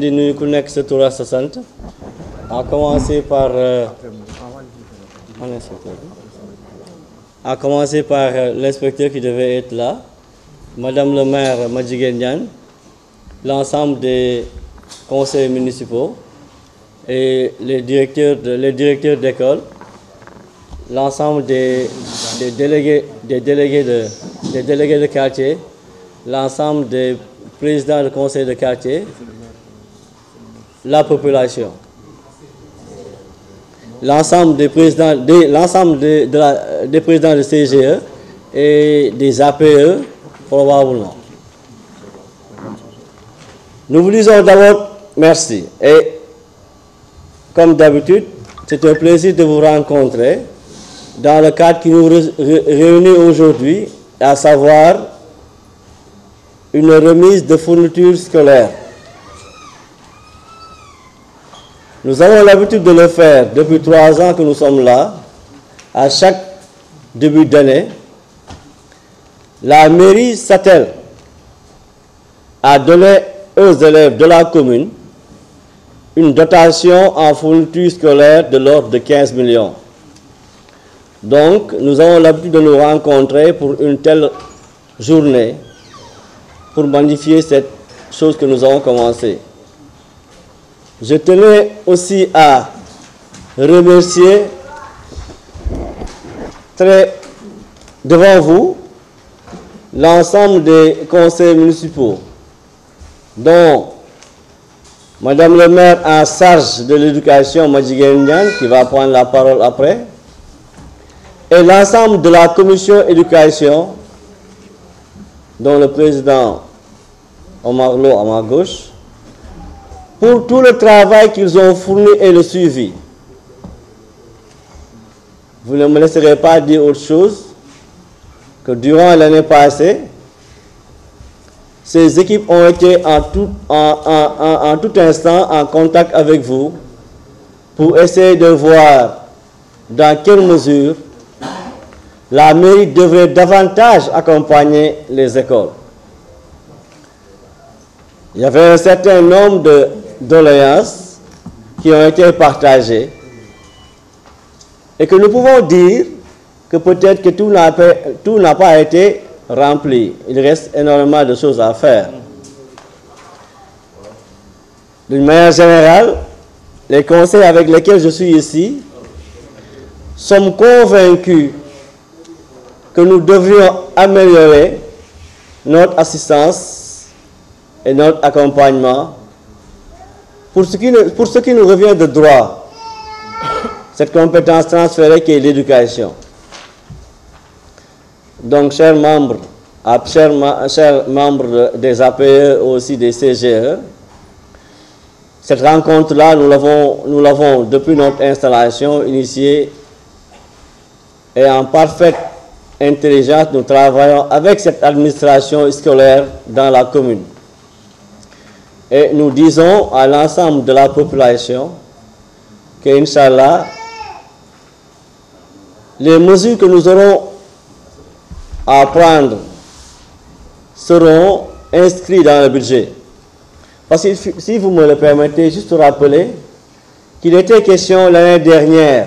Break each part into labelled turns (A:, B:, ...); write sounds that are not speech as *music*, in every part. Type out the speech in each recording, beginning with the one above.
A: de di nuyu ce nekk sa à commencer par euh, à commencer par euh, l'inspecteur qui devait être là Madame le maire Madjigenyan, l'ensemble des conseils municipaux et les directeurs les directeurs d'école l'ensemble des, délégués des délégués de des délégués de quartier l'ensemble des présidents de conseils de quartier la population. L'ensemble des présidents, l'ensemble de, la, des présidents de CGE et des APE, probablement. Nous vous disons d'abord merci. Et comme d'habitude, c'est un plaisir de vous rencontrer dans le cadre qui nous réunit aujourd'hui, à savoir une remise de fournitures scolaires. Nous avons l'habitude de le faire depuis trois ans que nous sommes là, à chaque début d'année. La mairie s'attelle a donné aux élèves de la commune une dotation en fourniture scolaire de l'ordre de 15 millions. Donc, nous avons l'habitude de nous rencontrer pour une telle journée, pour magnifier cette chose que nous avons commencée. Je tenais aussi à remercier très devant vous l'ensemble des conseils municipaux, dont Madame le maire en charge de l'éducation, Madjigendian, qui va prendre la parole après, et l'ensemble de la commission éducation, dont le président Omar Lo à ma gauche, pour tout le travail qu'ils ont fourni et le suivi. Vous ne me laisserez pas dire autre chose que durant l'année passée, ces équipes ont été en tout, instant en contact avec vous pour essayer de voir dans quelle mesure la mairie devrait davantage accompagner les écoles. Il y avait un certain nombre de doléances qui ont été partagées et que nous pouvons dire que peut-être que tout n'a pas été rempli. Il reste énormément de choses à faire. D'une manière générale, les conseils avec lesquels je suis ici sont convaincus que nous devrions améliorer notre assistance et notre accompagnement pour ce qui, nous revient de droit, cette compétence transférée qui est l'éducation. Donc, chers membres, chers membres des APE, aussi des CGE, cette rencontre-là, nous l'avons, depuis notre installation initiée et en parfaite intelligence, nous travaillons avec cette administration scolaire dans la commune. Et nous disons à l'ensemble de la population que, Inch'Allah, les mesures que nous aurons à prendre seront inscrites dans le budget. Parce que si vous me le permettez, juste rappeler qu'il était question l'année dernière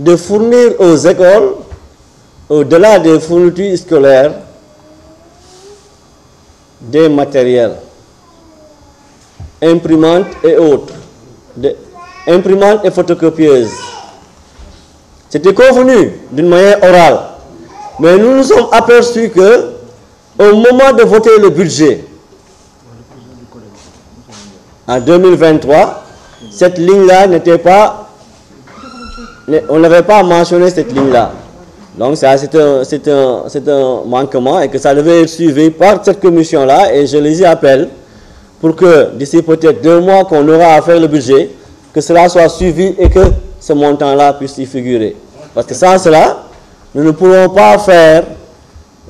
A: de fournir aux écoles, au-delà des fournitures scolaires, des matériels, imprimantes et autres, imprimantes et photocopieuses. C'était convenu d'une manière orale. Mais nous nous sommes aperçus que, au moment de voter le budget, en 2023, cette ligne-là n'était pas... On n'avait pas mentionné cette ligne-là. Donc c'est un, manquement et que ça devait être suivi par cette commission-là et je les y appelle pour que d'ici peut-être deux mois qu'on aura à faire le budget, que cela soit suivi et que ce montant-là puisse y figurer. Parce que sans cela, nous ne pourrons pas faire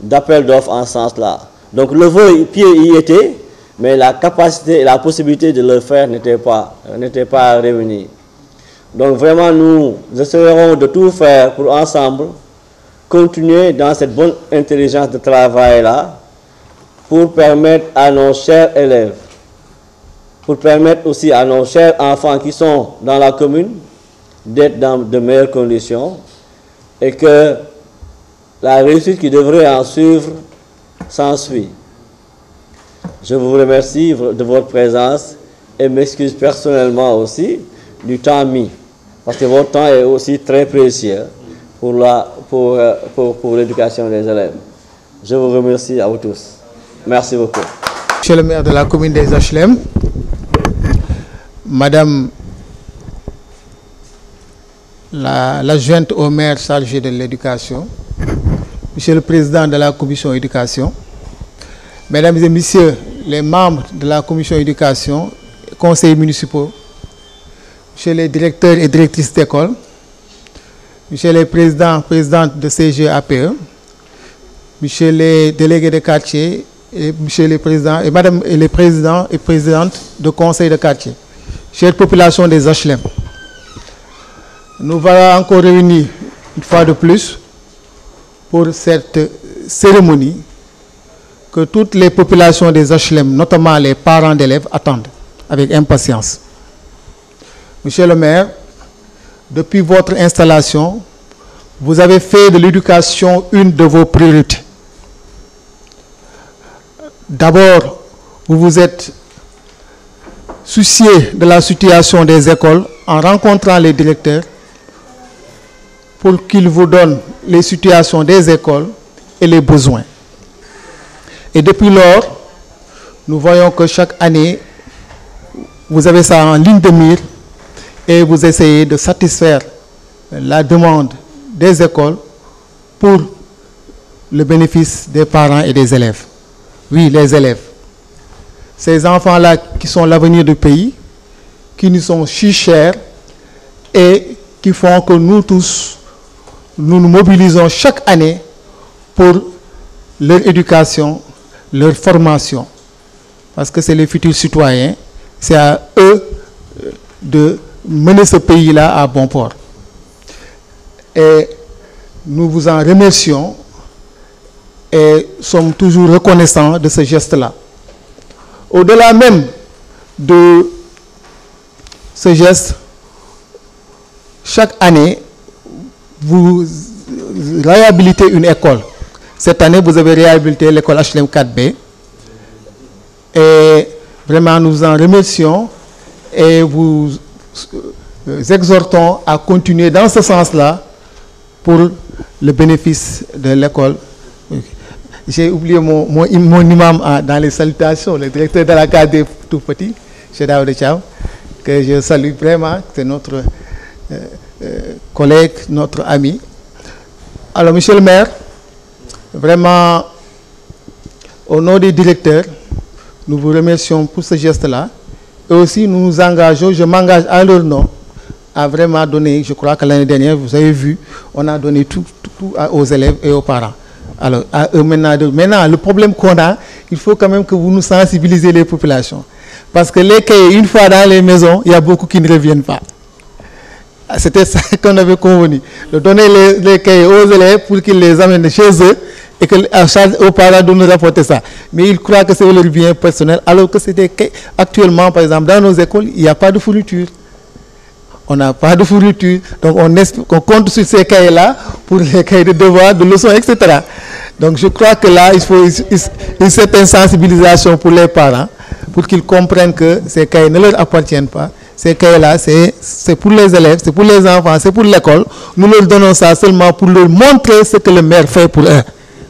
A: d'appel d'offres en ce sens-là. Donc le vœu pied y était, mais la capacité et la possibilité de le faire n'était pas, pas réunies. Donc vraiment, nous essaierons de tout faire pour ensemble continuer dans cette bonne intelligence de travail-là pour permettre à nos chers élèves, pour permettre aussi à nos chers enfants qui sont dans la commune d'être dans de meilleures conditions et que la réussite qui devrait en suivre s'ensuit. Je vous remercie de votre présence et m'excuse personnellement aussi du temps mis, parce que votre temps est aussi très précieux pour la euh, pour, pour, l'éducation des élèves. Je vous remercie à vous tous. Merci beaucoup.
B: Monsieur le maire de la commune des HLM, Madame la la au maire chargée de l'éducation, Monsieur le Président de la Commission éducation, Mesdames et Messieurs les membres de la Commission éducation, conseillers municipaux, Monsieur les directeurs et directrices d'école, Monsieur les Président, Présidente de CGAPE, Monsieur le délégué de quartier, et Monsieur les présidents, et Madame et les présidents et présidentes du conseil de quartier, chère population des HLM, nous voilà encore réunis une fois de plus pour cette cérémonie que toutes les populations des HLM, notamment les parents d'élèves, attendent avec impatience. Monsieur le maire, depuis votre installation, vous avez fait de l'éducation une de vos priorités. D'abord, vous vous êtes soucié de la situation des écoles en rencontrant les directeurs pour qu'ils vous donnent les situations des écoles et les besoins. Et depuis lors, nous voyons que chaque année, vous avez ça en ligne de mire et vous essayez de satisfaire la demande des écoles pour le bénéfice des parents et des élèves. Oui, les élèves. Ces enfants-là qui sont l'avenir du pays, qui nous sont si chers et qui font que nous tous, nous nous mobilisons chaque année pour leur éducation, leur formation. Parce que c'est les futurs citoyens, c'est à eux de mener ce pays-là à bon port. Et nous vous en remercions et sommes toujours reconnaissants de ce geste-là. Au-delà même de ce geste, chaque année, vous réhabilitez une école. Cette année, vous avez réhabilité l'école HLM 4B. Et vraiment, nous en remercions et vous euh, exhortons à continuer dans ce sens-là pour le bénéfice de l'école. J'ai oublié mon, imam hein, dans les salutations, le directeur de la garde tout petit, Chedao de que je salue vraiment, c'est notre euh, euh, collègue, notre ami. Alors, monsieur le maire, vraiment, au nom du directeurs, nous vous remercions pour ce geste-là. Et aussi, nous nous engageons, je m'engage à leur nom, à vraiment donner, je crois que l'année dernière, vous avez vu, on a donné tout, aux élèves et aux parents. Alors, maintenant, maintenant, le problème qu'on a, il faut quand même que vous nous sensibilisez les populations. Parce que les cahiers, une fois dans les maisons, il y a beaucoup qui ne reviennent pas. Ah, c'était *laughs* ça qu'on avait convenu, de donner les, les cahiers aux élèves pour qu'ils les amènent chez eux et que ah, parents de nous apporter ça. Mais ils croient que c'est leur bien personnel, alors que c'était actuellement, par exemple, dans nos écoles, il n'y a pas de fourniture. On n'a pas de fourniture. Donc on, on compte sur ces cahiers-là pour les cahiers de devoirs, de leçons, etc. Donc je crois que là, il faut une certaine sensibilisation pour les parents, pour qu'ils comprennent que ces cahiers ne leur appartiennent pas ces cahiers-là, c'est pour les élèves, c'est pour les enfants, c'est pour l'école. Nous leur donnons ça seulement pour leur montrer ce que le maire fait pour eux.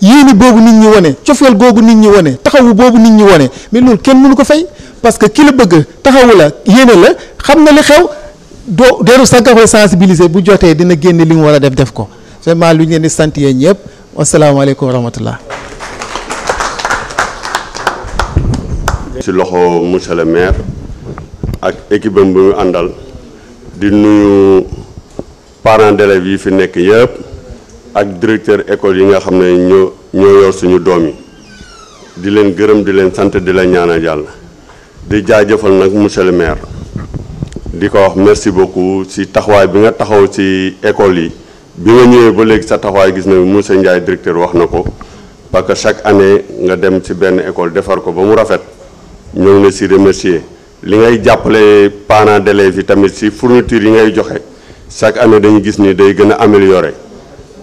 B: yéene boobu nit ñi wane cofeel googu nit ñi wane taxawu boobu nit ñi wone mais loolu kenn mënu ko fay parce que ki la bëgg taxawu la yéene la xam na li xew doo deeru sax nga koy sensibiliser bu jotee dina génne li mu war a def def ko vraiment lu ñu di sant yéen ñëpp wasalaamaaleykum wa rahmatullah
C: ci loxo monsieur maire ak équipe am bu àndal di nuyu parents d'élèves yi fi nekk yëpp. ak directeur école yi nga xamné ne ñoo ñoo yor suñu doom yi di leen gërëm di leen sante di leen ñaanal yalla di jaajeufal nak monsieur le maire diko wax merci beaucoup si taxaway bi nga taxaw si école yi bi nga ñëwé ba légui sa taxaway gis na monsieur ndjay directeur wax nako parce que chaque année nga dem ci ben école défar ko ba mu rafet ñoo ngi ci si remercier li ngay jappalé parents d'élèves yi tamit ci fourniture yi ngay joxé chaque année dañu gis ni day gëna améliorer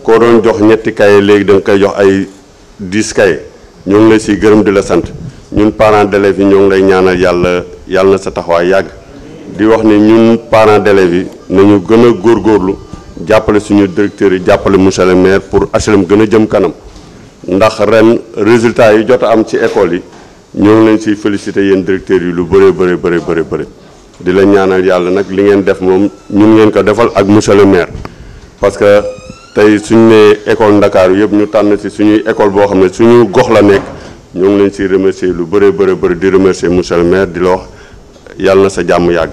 C: koo doon jox ñetti kaye léegi danga koy jox ay dix kaye ñoo ngi lay siy gërëm di la sant ñun parent d'élèves yi ñoo ngi lay ñaanal yàlla yàlla sa taxawaay yàgg di wax ne ñun parents d'élèves yi nañu gën a góorgóorlu jàppale suñu directeurs yi jàppale monsieur maire pour HLM gën a jëm kanam ndax ren résultat yi jot am ci école yi ñoo ngi siy félicité yéen directeurs yi lu bëree bëri bëri bëri bëri di la ñaanal yàlla nag li ngeen def moom ñun ngeen ko defal ak monsieur le maire parce tey suñ nee ecole ndakaaru yëpp ñu tànn si suñuy école boo xam ne suñu gox la nekk ñoo ngi leen siy remercier lu bëree bëri bëri di remercier monsieur le maire di la wax yàlla na sa jàmm yàgg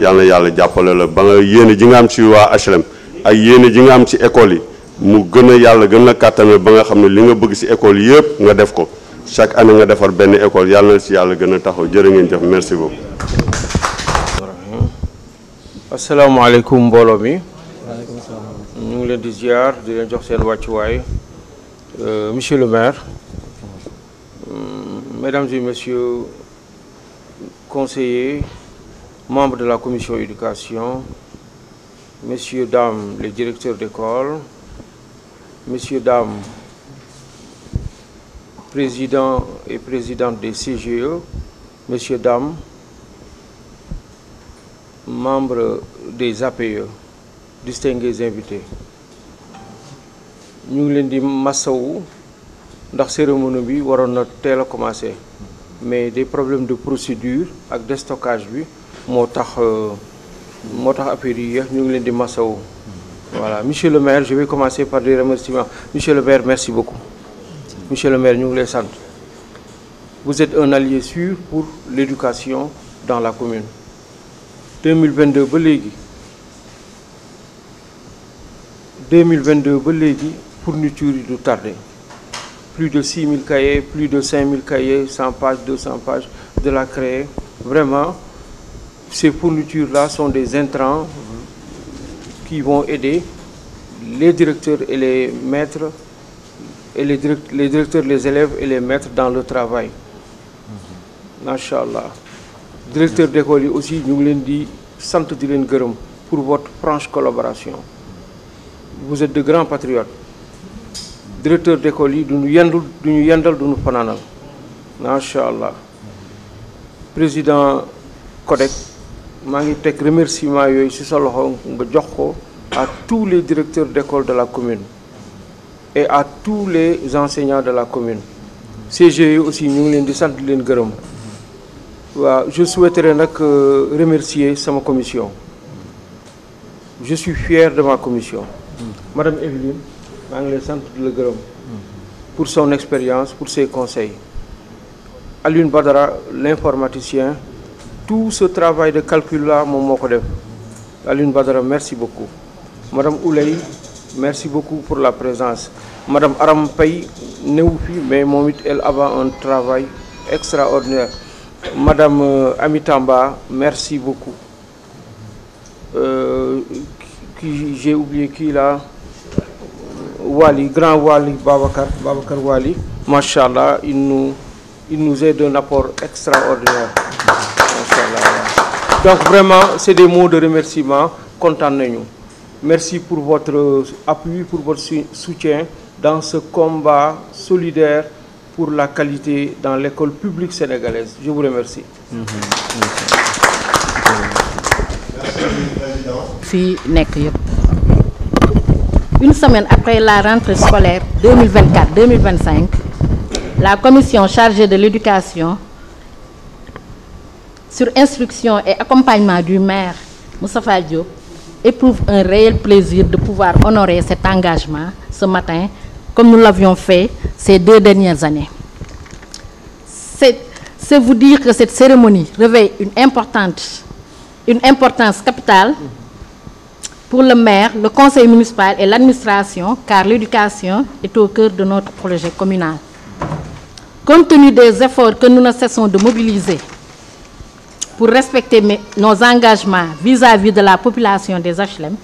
C: yàlla yàlla jàppale la ba nga yéene ji nga am si waa HLM ak yéene ji nga am si école yi mu gën a yàlla gën la kàttanal ba nga xam ne li nga bëgg si école yëpp nga def ko chaque année nga defar benn école yàlla si yàlla gën a taxaw jërë ngeen jëf merci beaucoup. mbooloo mi.
D: Euh, monsieur le maire euh, mesdames et messieurs conseillers membres de la commission éducation messieurs dames les directeurs d'école messieurs dames présidents et présidentes des CGE messieurs dames membres des APE distingués invités nous ngi leen di massawu ndax cérémonie bi waroon na commencé mais des problèmes de procédure Avec de stockage bi moo tax euh, moo voilà monsieur le maire je vais commencer par des remerciements monsieur le maire merci beaucoup monsieur le maire nous ngi lay vous êtes un allié sûr pour l'éducation dans la commune 2022 ba dit. 2022 ba dit fourniture de tarder. plus de 6000 cahiers plus de 5000 cahiers 100 pages 200 pages de la créer vraiment ces fournitures là sont des intrants qui vont aider les directeurs et les maîtres et les, directeurs, les élèves et les maîtres dans le travail. Inch'Allah. Directeur d'école aussi, nous l'avons dit, pour votre franche collaboration. Vous êtes de grands patriotes directeur d'école nous du ñu du ñu du président CODEC je remercie à tous les directeurs d'école de la commune et à tous les enseignants de la commune CGE aussi nous, ngi leen je souhaiterais euh, remercier ma commission je suis fier de ma commission madame Evelyne centre de pour son expérience pour ses conseils. Aline Badara l'informaticien tout ce travail de calcul là mon Aline Badara merci beaucoup. madame Ouley merci beaucoup pour la présence madame Aram Pay mais mon elle avait un travail extraordinaire madame euh, Amitamba merci beaucoup euh, j'ai oublié qui là. Wali, grand Wali Babakar, Babakar Wali, MashaAllah, il nous, il nous est d'un apport extraordinaire. Donc vraiment, c'est des mots de remerciement. Content nous. Merci pour votre appui, pour votre soutien dans ce combat solidaire pour la qualité dans l'école publique sénégalaise. Je vous remercie. Mhm.
E: Merci une semaine après la rentrée scolaire 2024-2025, la commission chargée de l'éducation, sur instruction et accompagnement du maire Moussa Diop, éprouve un réel plaisir de pouvoir honorer cet engagement ce matin, comme nous l'avions fait ces deux dernières années. C'est vous dire que cette cérémonie revêt une importance capitale pour le maire, le conseil municipal et l'administration, car l'éducation est au cœur de notre projet communal. Compte tenu des efforts que nous ne cessons de mobiliser pour respecter nos engagements vis-à-vis de la population des HLM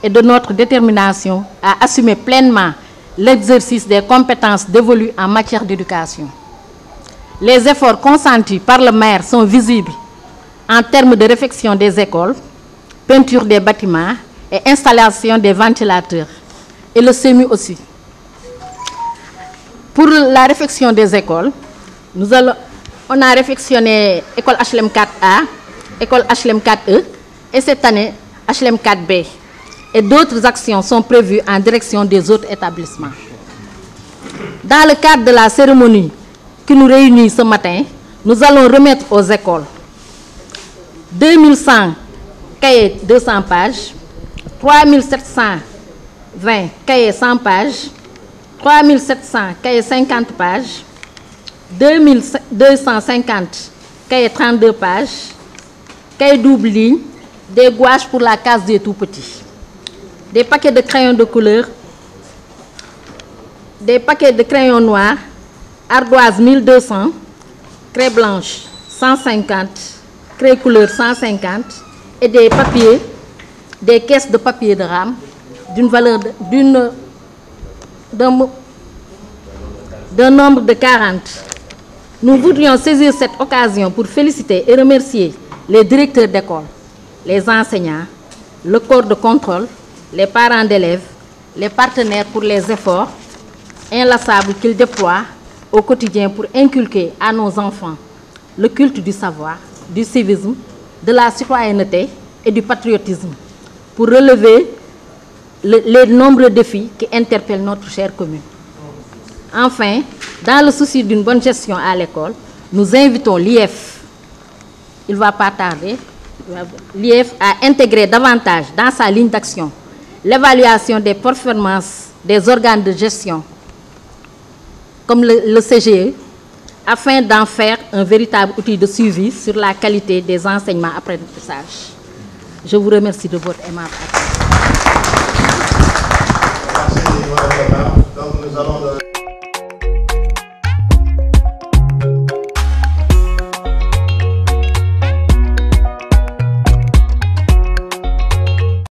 E: et de notre détermination à assumer pleinement l'exercice des compétences dévolues en matière d'éducation. Les efforts consentis par le maire sont visibles en termes de réfection des écoles, peinture des bâtiments, et installation des ventilateurs et le SEMI aussi. Pour la réfection des écoles, nous allons, on a réfectionné école HLM 4A, école HLM 4E e et cette année HLM 4B. Et d'autres actions sont prévues en direction des autres établissements. Dans le cadre de la cérémonie qui nous réunit ce matin, nous allons remettre aux écoles 2100 cahiers 200 pages, 3720 cahiers 100 pages, 3700 cahiers 50 pages, 2250 cahiers 32 pages, cahiers double ligne, des gouaches pour la case des tout petits, des paquets de crayons de couleur, des paquets de crayons noirs, ardoise 1200, craie blanche 150, craie couleur 150 et des papiers des caisses de papier de rame d'une valeur d'un nombre de 40. Nous voudrions saisir cette occasion pour féliciter et remercier les directeurs d'école, les enseignants, le corps de contrôle, les parents d'élèves, les partenaires pour les efforts inlassables qu'ils déploient au quotidien pour inculquer à nos enfants le culte du savoir, du civisme, de la citoyenneté et du patriotisme pour relever les nombreux défis qui interpellent notre chère commune. Enfin, dans le souci d'une bonne gestion à l'école, nous invitons l'IF, il ne va pas tarder, l'IF à intégrer davantage dans sa ligne d'action l'évaluation des performances des organes de gestion, comme le, le CGE, afin d'en faire un véritable outil de suivi sur la qualité des enseignements-apprentissages. après je vous remercie de votre aimable